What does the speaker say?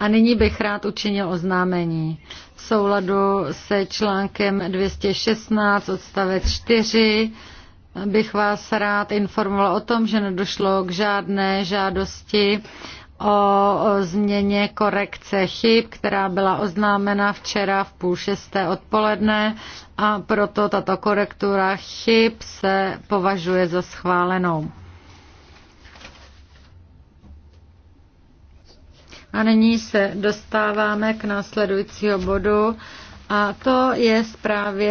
A nyní bych rád učinil oznámení. V souladu se článkem 216 odstavec 4 bych vás rád informoval o tom, že nedošlo k žádné žádosti o změně korekce chyb, která byla oznámena včera v půl šesté odpoledne a proto tato korektura chyb se považuje za schválenou. A nyní se dostáváme k následujícího bodu a to je zprávě